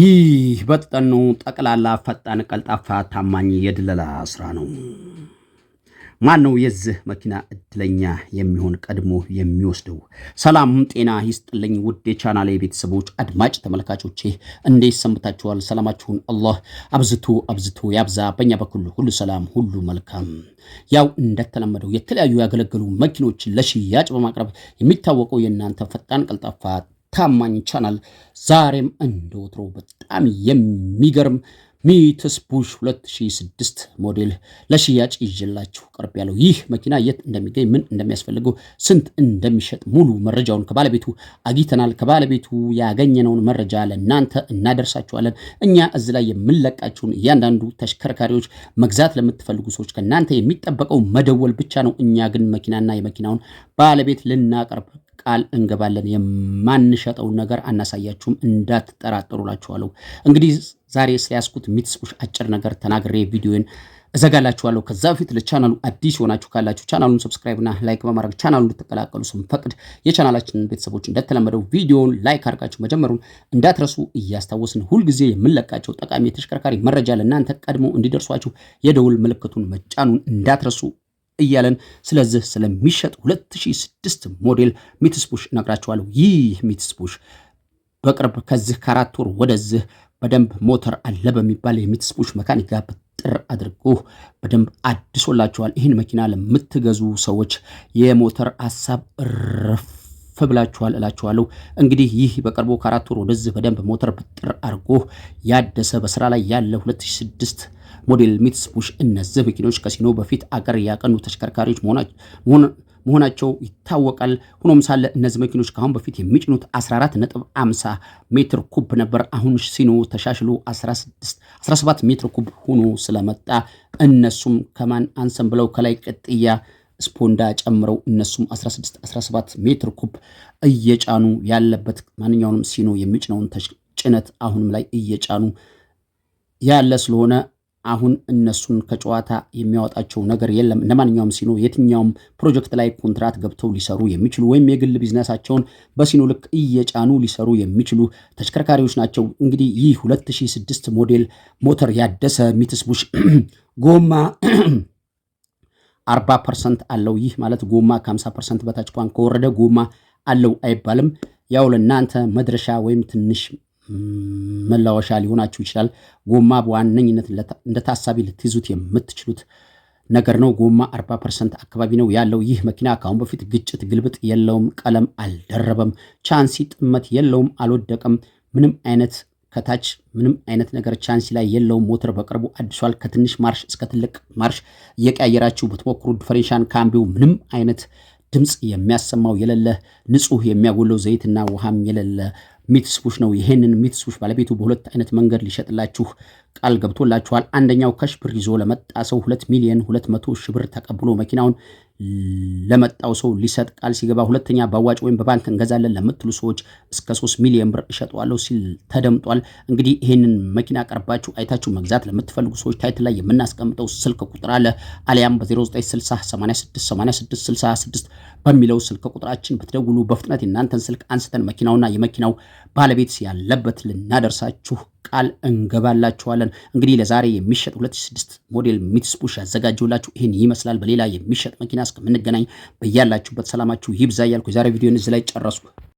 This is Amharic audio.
ይህ በጠኑ ጠቅላላ ፈጣን ቀልጣፋ ታማኝ የድለላ ስራ ነው። ማን ነው የዚህ መኪና እድለኛ የሚሆን ቀድሞ የሚወስደው? ሰላም ጤና ይስጥልኝ ውድ የቻናሌ ቤተሰቦች አድማጭ ተመልካቾቼ እንዴት ሰምታችኋል? ሰላማችሁን አላህ አብዝቶ አብዝቶ ያብዛ። በእኛ በኩል ሁሉ ሰላም፣ ሁሉ መልካም። ያው እንደተለመደው የተለያዩ ያገለገሉ መኪኖችን ለሽያጭ በማቅረብ የሚታወቀው የእናንተ ፈጣን ቀልጣፋ ታማኝ ቻናል ዛሬም እንደ ወትሮ በጣም የሚገርም ሚትስ ቡሽ 2006 ሞዴል ለሽያጭ ይዤላችሁ ቅርብ ያለው ይህ መኪና የት እንደሚገኝ ምን እንደሚያስፈልገው ስንት እንደሚሸጥ ሙሉ መረጃውን ከባለቤቱ አግኝተናል። ከባለቤቱ ያገኘነውን መረጃ ለእናንተ እናደርሳችኋለን። እኛ እዚህ ላይ የምንለቃችሁን እያንዳንዱ ተሽከርካሪዎች መግዛት ለምትፈልጉ ሰዎች ከእናንተ የሚጠበቀው መደወል ብቻ ነው። እኛ ግን መኪናና የመኪናውን ባለቤት ልናቀርብ ቃል እንገባለን። የማንሸጠውን ነገር አናሳያችሁም እንዳትጠራጠሩላችኋለሁ። እንግዲህ ዛሬ ስለያዝኩት ሚትስኩሽ አጭር ነገር ተናግሬ ቪዲዮን እዘጋላችኋለሁ። ከዛ በፊት ለቻናሉ አዲስ የሆናችሁ ካላችሁ ቻናሉን ሰብስክራይብ ላይክ በማድረግ ቻናሉ እንድትቀላቀሉ ስንፈቅድ የቻናላችንን ቤተሰቦች እንደተለመደው ቪዲዮን ላይክ አድርጋችሁ መጀመሩን እንዳትረሱ እያስታወስን ሁልጊዜ የምንለቃቸው ጠቃሚ የተሽከርካሪ መረጃ ለእናንተ ቀድሞ እንዲደርሷችሁ የደውል ምልክቱን መጫኑን እንዳትረሱ እያለን ስለዚህ ስለሚሸጥ 2006 ሞዴል ሚትስቡሽ እነግራችኋለሁ። ይህ ሚትስቡሽ በቅርብ ከዚህ ከአራት ወር ወደዚህ በደንብ ሞተር አለ በሚባል የሚትስቡሽ መካኒክ ጋር ብጥር አድርጎ በደንብ አድሶላችኋል። ይህን መኪና ለምትገዙ ሰዎች የሞተር ሀሳብ እረፍ ፍብላችኋል እላችኋለሁ። እንግዲህ ይህ በቅርቡ ከአራት ወር ወደዚህ በደንብ ሞተር ብጥር አድርጎ ያደሰ በስራ ላይ ያለ 2006 ሞዴል ሚትስቡሽ እነዚህ መኪኖች ከሲኖ በፊት አገር ያቀኑ ተሽከርካሪዎች መሆናቸው ይታወቃል። ሆኖም ሳለ እነዚህ መኪኖች ከአሁን በፊት የሚጭኑት 14.50 ሜትር ኩብ ነበር። አሁን ሲኖ ተሻሽሎ 17 ሜትር ኩብ ሆኖ ስለመጣ እነሱም ከማን አንሰን ብለው ከላይ ቅጥያ ስፖንዳ ጨምረው እነሱም 16 17 ሜትር ኩብ እየጫኑ ያለበት ማንኛውንም ሲኖ የሚጭነውን ጭነት አሁንም ላይ እየጫኑ ያለ ስለሆነ አሁን እነሱን ከጨዋታ የሚያወጣቸው ነገር የለም። እንደ ሲኖ የትኛውም ፕሮጀክት ላይ ኮንትራት ገብተው ሊሰሩ የሚችሉ ወይም የግል ቢዝነሳቸውን በሲኖ ልክ እየጫኑ ሊሰሩ የሚችሉ ተሽከርካሪዎች ናቸው። እንግዲህ ይህ 2006 ሞዴል ሞተር ያደሰ ሚትስቡሽ ጎማ 40 ፐርሰንት አለው። ይህ ማለት ጎማ ከ50 ፐርሰንት በታች እንኳን ከወረደ ጎማ አለው አይባልም። ያው ለእናንተ መድረሻ ወይም ትንሽ መላወሻ ሊሆናችሁ ይችላል። ጎማ በዋነኝነት እንደ ታሳቢ ልትይዙት የምትችሉት ነገር ነው። ጎማ 40 ፐርሰንት አካባቢ ነው ያለው ይህ መኪና ከአሁን በፊት ግጭት፣ ግልብጥ የለውም፣ ቀለም አልደረበም፣ ቻንሲ ጥመት የለውም፣ አልወደቀም። ምንም አይነት ከታች ምንም አይነት ነገር ቻንሲ ላይ የለውም። ሞተር በቅርቡ አድሷል። ከትንሽ ማርሽ እስከ ትልቅ ማርሽ እየቀያየራችሁ ብትሞክሩ ዲፈሬንሻን ካምቢው ምንም አይነት ድምፅ የሚያሰማው የሌለ ንጹህ የሚያጎለው ዘይትና ውሃም የሌለ ሚትስቡሽ ነው። ይሄንን ሚትስቡሽ ባለቤቱ በሁለት አይነት መንገድ ሊሸጥላችሁ ቃል ገብቶላቸዋል። አንደኛው ከሽ ብር ይዞ ለመጣ ሰው 2 ሚሊዮን 200 መቶ ብር ተቀብሎ መኪናውን ለመጣው ሰው ሊሰጥ ቃል ሲገባ፣ ሁለተኛ በአዋጭ ወይም በባንክ እንገዛለን ለምትሉ ሰዎች እስከ ሶስት ሚሊዮን ብር እሸጠዋለሁ ሲል ተደምጧል። እንግዲህ ይህንን መኪና ቀርባችሁ አይታችሁ መግዛት ለምትፈልጉ ሰዎች ታይት ላይ የምናስቀምጠው ስልክ ቁጥር አለ። አሊያም በ0960868666 በሚለው ስልክ ቁጥራችን ብትደውሉ በፍጥነት የእናንተን ስልክ አንስተን መኪናውና የመኪናው ባለቤት ያለበት ልናደርሳችሁ ቃል እንገባላችኋለን። እንግዲህ ለዛሬ የሚሸጥ 2006 ሞዴል ሚትስቡሽ ያዘጋጀውላችሁ ይህን ይመስላል። በሌላ የሚሸጥ መኪና እስከምንገናኝ በያላችሁበት ሰላማችሁ ይብዛ እያልኩ የዛሬ ቪዲዮን እዚህ ላይ ጨረስኩ።